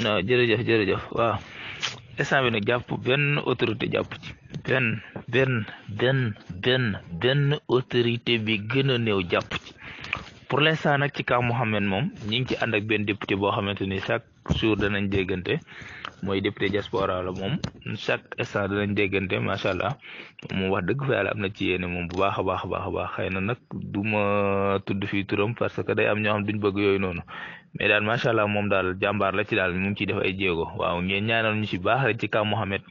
non jërëjëf jërëjëf waaw instant bi nag jàpp benn autorité jàpp ci benn benn benn benn benn autorité bi gën a néew jàpp ci pour l'instant nag ci kaa Mouhamed moom ñi ngi ci ànd ak benn député boo xamante ni chaque jour danañ déggante mooy député diaspora la moom chaque instant danañ déggante macha allah moom wax dëgg fa yàlla am na ci yéene moom bu baax a baax a baax a baax xëy na nag du ma tudd fii turam parce que day am ñoo xam duñ bëgg yooyu noonu mais daal macha allah moom daal jàmbaar la ci daal mu ngi ciy def ay jéego waaw ngeen ñaanal ñu si baax rek ci Ka Mohamed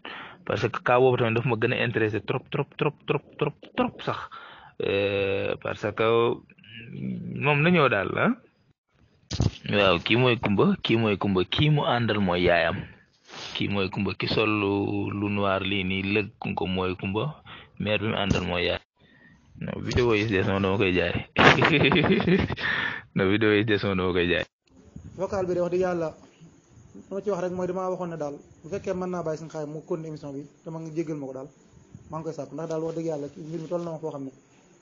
parce que Ka boobu tamit daf ma gën a intéressé trop trop trop trop trop trop sax euh, parce que moom la ñëw daal ah. waaw kii mooy kumba kii mooy kumba kii mu àndal mooy yaayam kii mooy kumba ki sol lu noir lii nii lëg ko mooy kumba meer bi mu àndal mooy yaay non vidéo yi de moom dama koy jaay non vidéo yi des moom dama koy jaay vocal bi de wax dëgg yàlla dama ci wax rek mooy damaa waxoon ne daal bu fekkee mën naa bàyyi seen xaay mu kon émission bi dama nga jéggal ma ko daal maa ngi koy sàpp ndax daal wax dëgg yàlla mbir mi toll na ma foo xam ne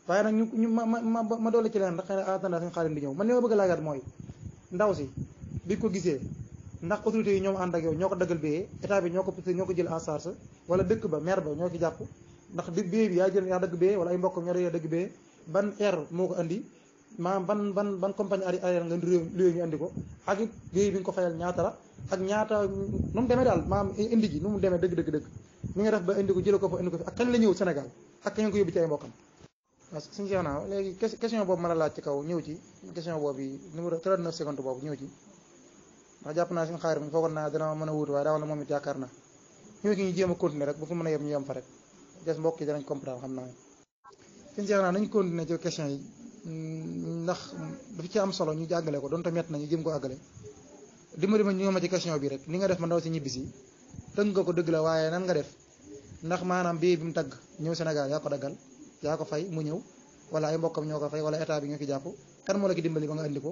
waaye nag ma ma ma doole ci leen ndax xëy na attendance seen xaalim di ñëw man li ma bëgg a laajaat ndaw si ndax autorités yi ñoom ànd ak yow ñoo ko daggal biyee état bi ñoo ko ñoo ko jël en charge wala dëkk ba maire ba ñoo ci jàpp ndax di yaa jël yaa dagg biyee wala ay mbokk ban air moo ko andi maanaam ban ban ban compagnie aérienne nga réew réew ñu andi ko ak it bi nga ko fayal ñaata la ak ñaata nu mu demee daal maanaam indi ji nu mu demee dëgg dëgg dëgg ni nga def ba indi ko jële ko fa indi ko fi ak kañ la ñëw Sénégal ak kañ ko yóbbu ci ay mbokkam waaw suñu léegi question boobu mën a laaj ci kaw ñëw ci question boobu numéro boobu ñëw ci ndax jàpp naa suñu xaar bi foogoon naa dana mën a na moom it a continuer rek bu a yem ñu yem fa rek yi danañ comprendre xam naa naa nañu continuer ci question yi mm, ndax dafa ci am solo ñu jàngale ko donte na ñu jëm ko àggale dimbali ma ñu ma ci question bi rek ni nga def ma ndaw si ñibbi si tënk ko dëgg la waaye nan nga def ndax maanaam bii bi mu dagg ñëw Sénégal yaa ko daggal yaa ko fay mu ñëw wala ay mbokkam ñoo ko fay wala état bi ñoo ki jàpp kan moo la ki dimbali ba nga indi ko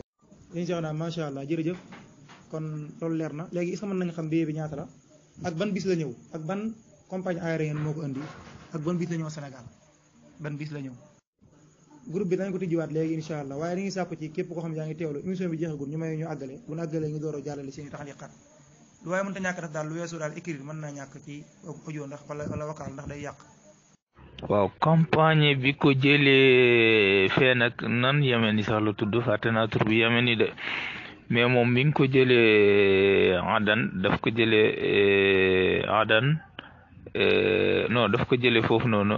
li ñu naa wax macha allah jërëjëf kon loolu leer na léegi est-ce mën nañu xam billet bi ñaata la ak ban bis la ñëw ak ban compagnie aérienne moo ko indi ak ban bis la ñëw groupe bi dañ ko tijjiwaat léegi incha allah waaye dañuy sàkku ci képp koo xam ne yaa ngi teewlu émission bi jeexagul ñu may ñu àggale bu ñu àggalee ñu door a jàllale seen i taxaliqaat lu waaye mënta ñàkk def daal lu weesoo daal écrire mën naa ñàkk ci audio ndax ndax day yàq waaw campagne bi ko jëlee fee nag nan yemen yi sax la tudd fàtte naa tur bi yemen yi de mais moom mi ngi ko jëlee eh, adan daf ko jëlee eh, adan eh, non daf ko jëlee foofu noonu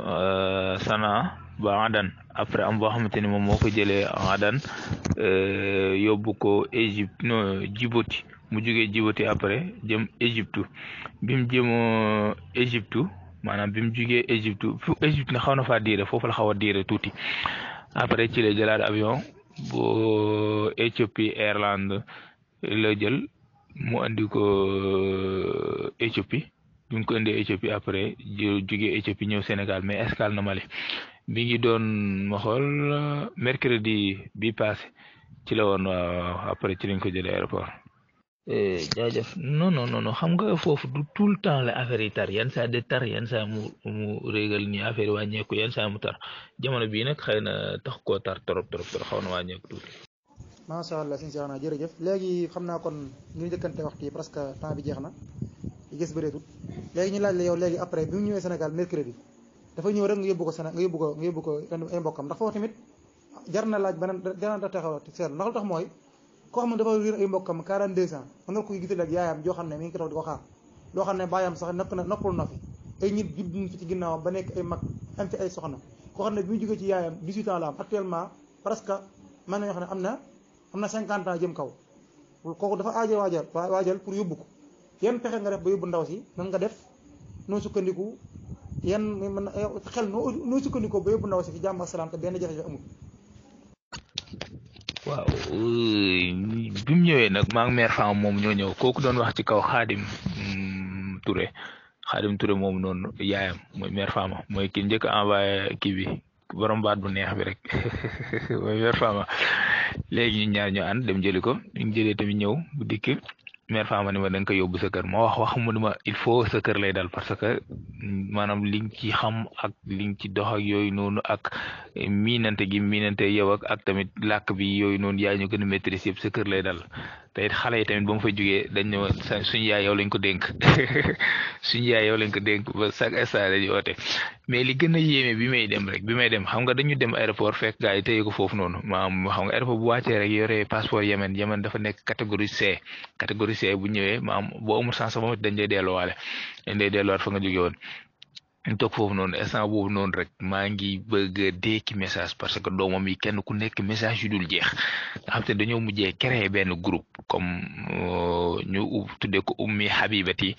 sanaa ba adan après am boo xamante ni moom moo ko jëlee adan yóbbu ko Égypte non Djibouti mu jógee Djibouti après jëm Égypte bi mu jëmoo Égypte maanaam bi mu jugee Égypte fu Égypte na xaw na faa diire foofu la xaw a diire tuuti après ci la jëlaat avion bu Éthiopie Airlines la jël mu andi ko euh, Éthiopie bi mu ko indee Éthiopie après jugee Éthiopie ñëw Sénégal mais escale na Mali mi doon ma xool mercredi bi passé ci la woon waaw euh, après ci lañ ko jëlee aéroport. Eh, jaajëf non non non xam nga foofu du tout le temps la affaire yi tar yan saa de tar yan saa mu mu régal ni affaire yi wàññeeku yan saa mu tar jamono bii nag xëy na tax ko tar trop trop trop xaw na wàññeeku tu macha allah sëñ Cheikh naa jërëjëf léegi xam naa kon ñu njëkkante waxtu yi presque temps bi jeex na gis bëreetut léegi ñu laaj la yow léegi après bi ñëwee Sénégal mercredi dafa ñëw rek nga yóbbu ko Sénégal nga yóbbu ko nga yóbbu ko ay mbokkam ndax foofu tamit jar na laaj beneen jar na taxaw seetlu ndax lu tax mooy koo xam ne dafa réer ay mbokkam 42 ans mën nga koy gisal ak yaayam joo xam ne mi ngi ko taw xam ne baayam sax nakk na nakkul na fi ay nit judd nañ fi ci ginnaawam ba nekk ay mag am fi ay soxna ci yaayam 18 ans la am actuellement presque mën ne am na am na 50 ans jëm kaw kooku dafa aajo waajal waajal pour yóbbu ko yan pexe nga def ba yóbbu ndaw si nan nga def noo sukkandiku yan mën xel noo noo sukkandiku ba yóbbu ndaw si fi jàmm ak salaam te benn jafe-jafe amul waaw bi mu ñëwee nag maa ngi mère femme moom ñoo ñëw kooku doon wax ci kaw xaadim mm, Touré xaadim Touré moom noonu yaayam mooy mère femme mooy ki njëkk a envoyé kii bi borom baat bu neex bi rek mooy mère femme léegi ñu ñaar ñu ànd dem jëli ko ñu jëlee tamit ñëw bu mère Fama ni ma da nga koy yóbbu sa kër ma wax wax mu il faut sa kër lay dal parce que maanaam liñ ci xam ak liñ ci dox ak yooyu noonu ak miinante gi miinante yow ak ak tamit làkk bi yooyu noonu yaa ñu gën a maîtriser yëpp sa kër lay dal te xale yi tamit ba mu fa jugee dañ ne woon suñ yaay yow lañ ko dénk suñu yaay yow lañ ko dénk ba chaque instant dañuy oote mais li gën a yéeme bi may dem rek bi may dem xam nga dañu dem aéroport fekk gars yi téye ko foofu noonu maanaam xam nga aéroport bu wàccee rek yore passeport Yemen Yemen dafa nekk catégorie C catégorie C bu ñëwee maanaam boo amul sens ba dañ lay delluwaale dañ lay delluwaat fa nga jóge woon ñu toog foofu noonu instant boobu noonu rek maa ngi bëgg a dekki message parce que doomam yi kenn ku nekk message yu dul jeex nga xam te dañoo mujjee créer benn groupe comme euh, ñu tuddee ko ummi habibati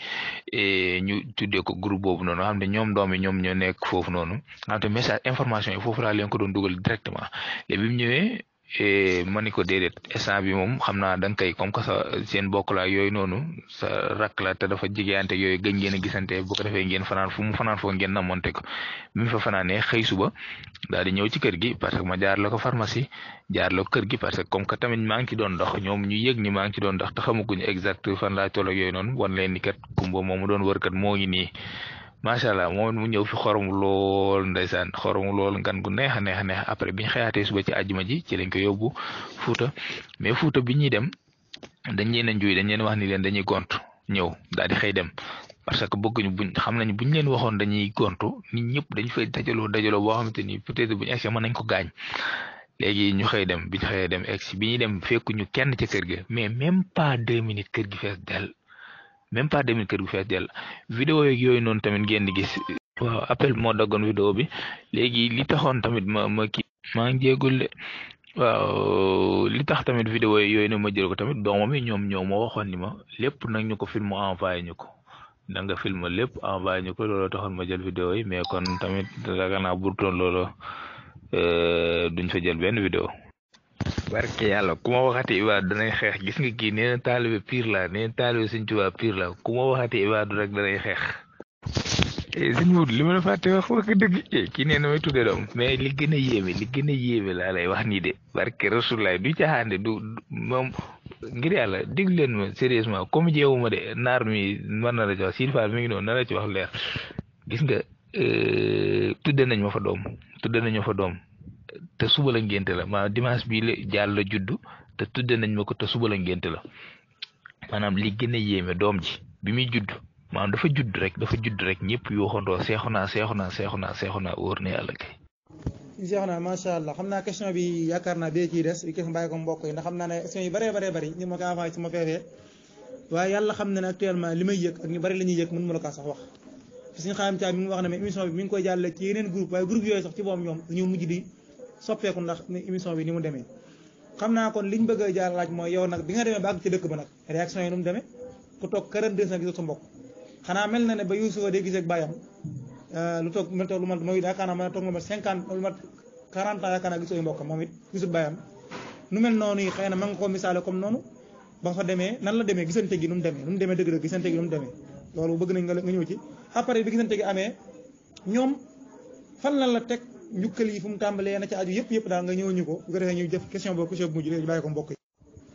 ñu tuddee ko groupe boobu noonu nga xam ne ñoom doom yi ñoom ñoo nekk foofu noonu nga xam message information yi foofu laa leen ko doon dugal directement léegi bi mu ñëwee Eh, ma ni ko déedéet instant bi moom xam naa dang nga koy comme sa seen bokk laa yooyu noonu sa rakk la te dafa jigéeyante yooyu gëj ngeen a gisante bu ko defee ngeen fanaan fu mu fanaan foo ngeen na monte ko bi mu fa fanaanee suba daal di ñëw ci kër gi parce que ma jaar la ko pharmacie jaar la ko kër gi parce que comme que tamit maa ngi ci doon dox ñoom ñu yëg ni maa ngi ci doon dox te xamaguñu exact fan laa toll ak yooyu noonu wan leen ni kat kumba moomu doon wër kat moo ngi nii macha allah moom mu ñëw fi xorom lool ndeysaan xorom lool ngan gu neex a neex a neex après bi ñu xëyaatee suba ci àjjuma ji ci lañ ko yóbbu Fuuta mais Fuuta bi ñuy dem dañ leen a njuy dañ leen wax ni leen dañuy gont ñëw daal di xëy parce que bëgguñu buñ xam nañ buñ leen waxoon dañuy gontu nit ñëpp dañ fay dajaloo dajaloo boo xamante ni peut-être buñ egsi nañ ko gaañ léegi ñu xëy dem bi ñu xëyee dem egsi bi ñuy dem fekkuñu kenn ci kër gi mais même pas deux minutes kër gi fees dell même pas deux minutes kër gu fees dell vidéo yeeg yooyu noonu tamit ngeen di gis waaw appel bi moo vidéo bi léegi li taxoon tamit ma ma kii maa ngi jéegul de tax tamit vidéo yooyu ne ma jël ko tamit doomam yi ñoom ñoo ma waxoon ni ma lépp nag ñu ko film envoyé ñu ko da nga film lépp envoyé ñu ko looloo taxoon ma jël vidéo yi mais kon tamit ragal naa burtoon loolu euh, duñ fa jël benn vidéo barke yàlla ku ma waxati ibaadu xeex gis nga kii nee na taalibe piir laa nee na taalibe sëñ piir laa ku ma waxati ibaadu rek danay xeex eh, sëñ Moodu li ma la wax wax dëgg eh, kii nee na may tuddee doom mais li gën a yéeme li gën a laa lay wax nii de barke rasulaay du caaxaande du moom ngir yàlla dégg leen ma sérieusement comme jeewu ma de naar mi man na la ci wax Sidi Fall mi ngi noonu na la ci wax leer gis nga euh, tudde nañ ma fa doom tudde nañ ma fa doom te suba la ngénte la maanaam dimanche bii la jàll la juddu te tudde nañ ma ko te suba la ngénte la maanaam li gën a yéeme doom ji bi muy judd maanaam dafa judd rek dafa judd rek ñëpp yuuxandoo seexu na seexu na seexu na seexu na yàlla kay. seexu naa macha allah xam naa question bi yaakaar naa bee ciy des yi ndax xam naa ne question yi bëree bëree bëri ñu ma ko feefee waaye yàlla xam na ne actuellement li may yëg ak ñu bëri la ñuy yëg mën ma la kaa sax wax suñu xaam caa mi ci yeneen groupe waaye groupe yooyu sax ci boom ñoom dañoo mujj di soppeeku ndax émission bi ni mu demee xam naa kon liñ bëgg a jaar laaj mooy yow nag bi nga demee ba àgg ci dëkk ba nag réaction yi nu mu demee ku toog 42 ans sa mbokk xanaa mel na ne ba Youssoufa day gisee ak euh, lu toog mel toog lu mat a moom it gisul bàyyam na ma nga koo misaale comme noonu ba fa demee nan la demee gisante gi nu mu demee nu mu demee dëgg-dëgg gisante gi nu mu demee loolu bëgg nañ nga ñëw ci après bi gisante gi amee ñoom fan njukkal yi fu mu tàmbalee na ci aju yëpp yëpp daal nga ñëw ñu ko bu ko defee ñu def question boobu question bu mujj léegi bàyyi ko mbokk yi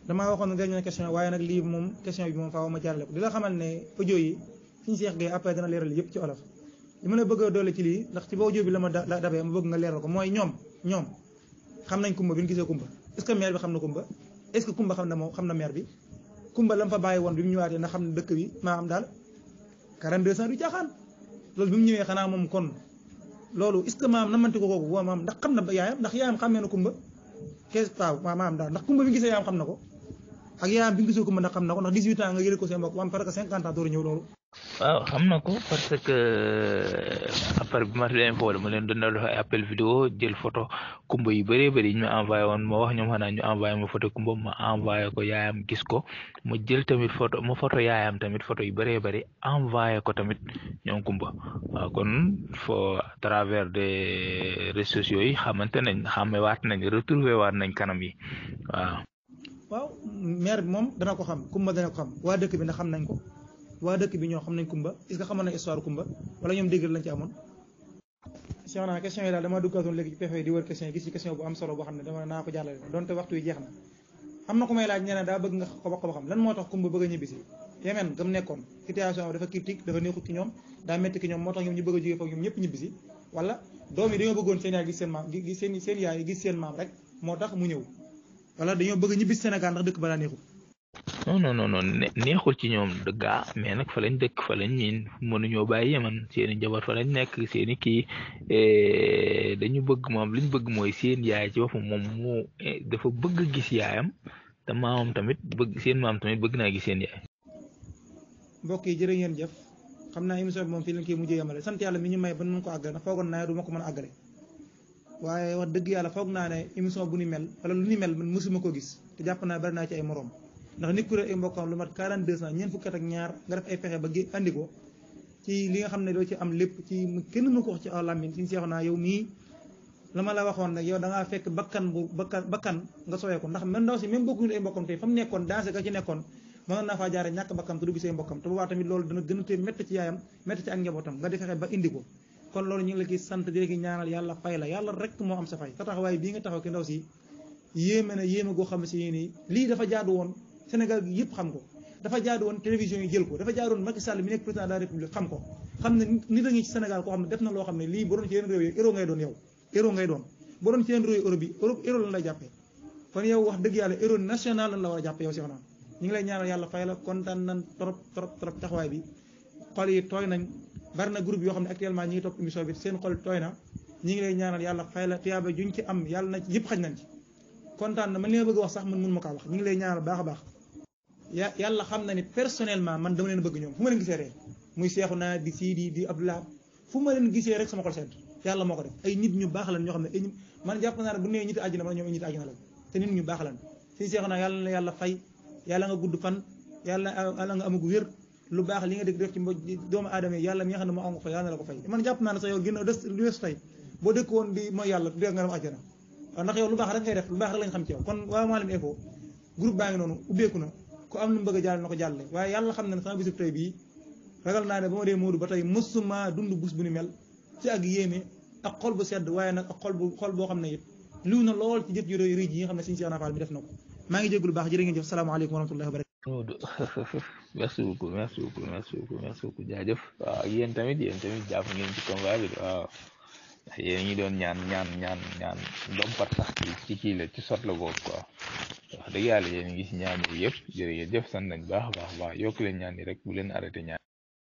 damaa waxoon dañu ne question waaye nag lii moom question bi moom faaw ma jàlle ko di la xamal ne audio yi suñu seex gay après dana leeral yëpp ci olof li ma la bëgg doole ci lii ndax ci ba audio bi la ma dabee ma bëgg nga leeral ko mooy ñoom ñoom xam nañ kumba bi ñu gisee kumba est ce que maire bi xam na kumba est ce que kumba xam na moom woon bi mu ñëwaatee na xam ne dëkk bi maa am daal 42 cent du caaxaan loolu bi mu ñëwee xanaa moom loolu est-ce que maam namante ko kooku wa maam ndax xam na ba yaayam ndax yaayam xàmmee na kumba kees taaw maam daal ndax kumba bi gisee yaayam xam na ko ak yaayam bi ngi kumba ndax xam na ko ndax 18 ans nga yële ko seen mbokk maam presque 50 ans door ñëw loolu waaw xam na ko parce que après bi ma leen foole ma leen doon def ay appel vidéo jël photo kumba yu bëree bëri ñu envoyé woon ma wax ñoom xanaa ñu envoyé mo photo kumba ma envoyé ko yaayam gis ko ma jël tamit photo mo photo yaayam tamit photo yu bëree bëri envoyé ko tamit ñoom kumba waaw kon fo travers de réseaux sociaux yi xamante nañ xàmme waat nañ retrouver waat nañ kanam yi waaw. waaw maire bi ko xam kumba dana ko xam waa dëkk bi xam nañ ko. waa dëkk bi ñoo xam nañ Kumba est-ce xamoon nañ histoire Kumba wala ñoom dégg lañ ci amoon. question yi daal dama duggaatoon léegi ci pexe yi di wër question yi gis ci question bu am solo boo xam ne naa ko jàllale donte ku may na daa bëgg nga ko wax ko xam lan moo tax Kumba a ñibbisi Yemen gam nekkoon situation bi dafa critique a jógee foofu ñoom ñëpp ñibbisi wala doom yi dañoo bëggoon seen yaay gis seen maam gis seen seen yaay gis seen maam rek moo tax mu ñëw wala dañoo bëgg ñibbisi Sénégal ndax dëkk ba daa neexut non non non non neexul ci ñoom dëggaa mais nag fa lañ dëkk fa lañ miin mënuñoo bàyyi yeman seeni njaboot fa lañ nekk seeni kii e, dañu bëgg moom liñ bëgg mooy seen yaay ci boppam moom mu e, dafa bëgg gis yaayam te maamam tamit bëgg seen maam tamit bëgg naa gis seen yaay. mbokk yi jërë ngeen jëf xam naa émission bi moom fii lañ koy mujjee yemale sant yàlla mi ñu may ba nu ko àggale na foogoon naa du ma ko mën a àggale waaye wax dëgg yàlla foog naa ne émission bu ni mel wala lu ni mel man mosuma ko gis te jàpp naa bari ci ay moroom ndax nit ku réer ay mbokkam lu mat 42 ans ñeent fukki at ak ñaar nga def ay pexe ba gé ci li nga xam ne doo ci am lépp ci mu ko wax ci aw làmmiñ suñu seexu naa yow mii la bu bakkan bakkan nga sowee ko ndax même ndaw si même bokkuñu ay mbokkam tey fa mu nekkoon dansé ga ci nekkoon mënoon naa faa jaare ñàkk bakkam te du gis a tee métti ci yaayam métti ci ak njabootam nga di fexe ba indi ko kon xam si nii lii dafa jaadu woon Sénégal gi yëpp xam ko dafa jaadu woon télévision yi jël ko dafa jaadu woon Macky Sall mi nekk président de république xam ko xam ne nit a ngi ci Sénégal koo xam ne def na loo xam ne lii bu doon ci yeneen réew yi héros ngay doon yow héros ngay doon bu doon ci yeneen réew yi Europe wax dëgg yàlla héros national lan la war a jàppe yow Cheikh Oumar ñu ngi kontaan xol tooy na groupe yoo xam ne ñi ngi bi seen xol tooy na ñi ngi lay ñaanal yàlla fay la tiyaaba juñ ci am yàlla na yëpp xaj nañ ci kontaan na man li ma bëgg wax sax man mun kaa wax ñi ngi lay ñaanal baax a ya yàlla xam na ni personnellement man dama leen bëgg ñoom fu ma leen gisee rek muy seexu naa di siidi di abdoulah fu ma leen gisee rek sama xol sedd yàlla moo ko def ay nit ñu baax lan ñoo xam ne ay man jàpp naa ne bu nee ñit àjjana man ñoom ay ñit àjjana la te ñu na yàlla fay yàlla nga gudd fan yàlla yàlla nga amagu wér lu baax li nga dégg def ci mbo doomu yàlla mi nga xam ne moo am ko yàlla na la ko fay man jàpp naa ne sax yow gënna des lu boo dëkk woon di mooy yàlla dégg nga dem àjjana ndax yow lu baax rek ngay def lu baax rek lañ xam ci yow kon waa Maalem Info groupe baa ngi noonu ubbeeku na ko am lu mu bëgg a jàll na ko jàlle waaye yàlla xam na ne sama bisub tey bii ragal naa ne ba ma dee Moodu ba tey mësuma dund bus bu ni mel ci ak yéeme ak xol bu sedd waaye nag ak xol bu xol boo xam ne it liw na lool ci jët yu rëy yi nga xam ne Sëriñ a Fall bi def na ko maa ngi jégalu baax jërë ngeen jëf salaamaaleykum wa rahmatullahi wa barakatuh merci beaucoup merci beaucoup merci beaucoup merci beaucoup jaajëf waaw ak tamit yéen tamit jàpp ngeen ci combat bi waaw yéen ñu doon ñaan ñaan ñaan ñaan dompat sax ci ci kii la ci sot la boog quoi wax dëgg yàlla yéen ngi ñaan yi yëpp jërë ngeen jëf sant baax baax baax yokk leen ñaan yi rek bu leen arrêté ñaan